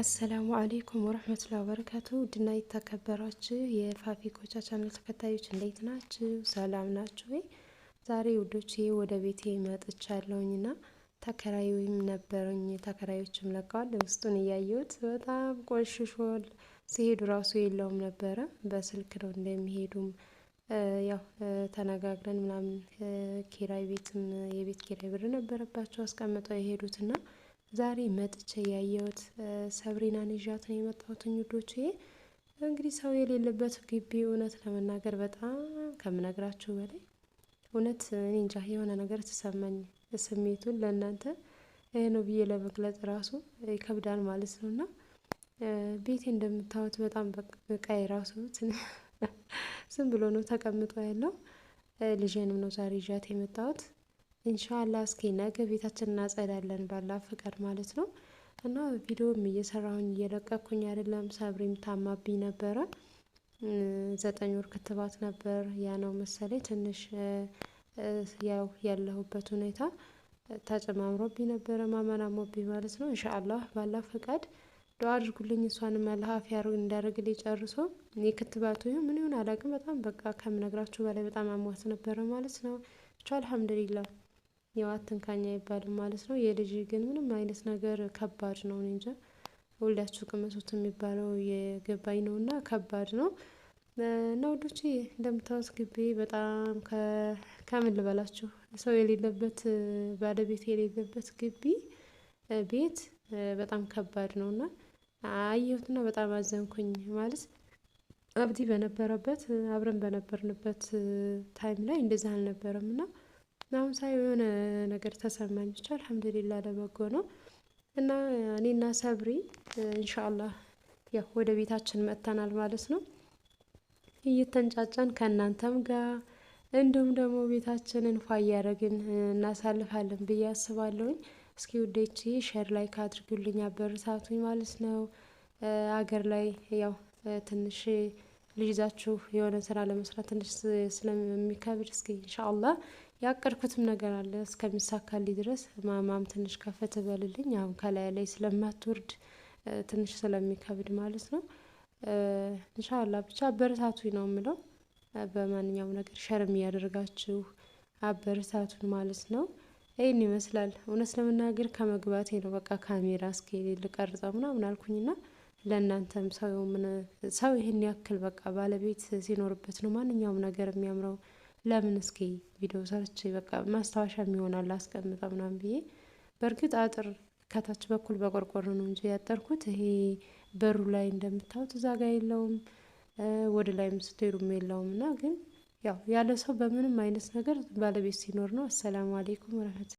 አሰላሙ አሌይኩም ወረህመቱላሂ ወበረካቱ ውድና የተከበራችሁ ኮቻ ቻናል ተከታዮች እንዴት ናችሁ? ሰላም ናችሁ ወይ? ዛሬ ውዶች ወደ ቤቴ መጥቻለሁኝና ተከራዩም ነበረኝ። ተከራዮችም ለቀዋል። ውስጡን እያየሁት በጣም ቆሽሾል። ሲሄዱ ራሱ የለውም ነበረ። በስልክ ነው እንደሚሄዱም ያው ተነጋግረን ምናምን ኪራይ ቤትም የቤት ኪራይ ብር ነበረባቸው አስቀምጠው የሄዱትና ዛሬ መጥቼ ያየሁት ሰብሪናን ይዣት ነው የመጣሁት። ውዶቼ እንግዲህ ሰው የሌለበት ግቢ እውነት ለመናገር በጣም ከምነግራችሁ በላይ እውነት እኔ እንጃ የሆነ ነገር ተሰማኝ። ስሜቱን ለእናንተ ይህኑ ብዬ ለመግለጽ ራሱ ይከብዳል ማለት ነው። እና ቤቴ እንደምታዩት በጣም በቃይ ራሱ ዝም ብሎ ነው ተቀምጦ ያለው። ልጄንም ነው ዛሬ ይዣት የመጣሁት። ኢንሻላ እስኪ ነገ ቤታችን እናጸዳለን ባላ ፍቃድ ማለት ነው። እና ቪዲዮም እየሰራሁኝ እየለቀኩኝ አይደለም። ሰብሪም ታማብኝ ነበረ። ዘጠኝ ወር ክትባት ነበር ያ ነው መሰለኝ። ትንሽ ያው ያለሁበት ሁኔታ ተጨማምሮብኝ ነበረ ማመናሞብኝ ማለት ነው። እንሻአላ ባላ ፍቃድ ዶ አድርጉልኝ እሷን መልሀፍ ያደርግ እንዳደርግልኝ ጨርሶ የክትባቱ ይሁን ምን ይሁን አላውቅም። በጣም በቃ ከምነግራችሁ በላይ በጣም አሟት ነበረ ማለት ነው። ብቻ አልሐምዱሊላህ ያው አትንካኝ አይባልም ማለት ነው። የልጅ ግን ምንም አይነት ነገር ከባድ ነው። እኔ እንጃ ሁላችሁ የሚባለው የገባኝ ነው እና ከባድ ነው። እና ውዶቼ እንደምታወስ ግቢ በጣም ከምን ልበላችሁ ሰው የሌለበት ባለቤት የሌለበት ግቢ ቤት በጣም ከባድ ነው እና አየሁትና በጣም አዘንኩኝ ማለት አብዲ በነበረበት አብረን በነበርንበት ታይም ላይ እንደዛ አልነበረም እና አሁን ሳይ የሆነ ነገር ተሰማኝ። ብቻ አልሐምዱሊላ ለበጎ ነው እና እኔና ሰብሪ እንሻአላህ ያው ወደ ቤታችን መጥተናል ማለት ነው። እየተንጫጫን ከእናንተም ጋር እንዲሁም ደግሞ ቤታችንን ፏ እያደረግን እናሳልፋለን ብዬ አስባለሁኝ። እስኪ ውዴቼ ሸር ላይክ አድርጉልኝ፣ አበረታቱኝ ማለት ነው። አገር ላይ ያው ትንሽ ልጅዛችሁ የሆነ ስራ ለመስራት ትንሽ ስለሚከብድ እስኪ እንሻአላ ያቀድኩትም ነገር አለ እስከሚሳካልኝ ድረስ ማማም ትንሽ ከፈት በልልኝ። አሁን ከላይ ላይ ስለማትወርድ ትንሽ ስለሚከብድ ማለት ነው። እንሻላ ብቻ አበረታቱኝ ነው የምለው። በማንኛውም ነገር ሸርም እያደርጋችሁ አበረታቱን ማለት ነው። ይህን ይመስላል። እውነት ለመናገር ከመግባቴ ነው በቃ ካሜራ እስኪ ልቀርጸው ምናምን አልኩኝና ለእናንተም ሰው ምን ሰው ይህን ያክል በቃ ባለቤት ሲኖርበት ነው ማንኛውም ነገር የሚያምረው። ለምን እስኪ ቪዲዮ ሰርች በቃ ማስታወሻ የሚሆናል አስቀምጠ ምናምን ብዬ በእርግጥ አጥር ከታች በኩል በቆርቆሮ ነው እንጂ ያጠርኩት ይሄ በሩ ላይ እንደምታዩት እዛ ጋ የለውም፣ ወደ ላይም ስትሄዱም የለውም እና ግን ያው ያለ ሰው በምንም አይነት ነገር ባለቤት ሲኖር ነው። አሰላሙ አሌይኩም ረመቱ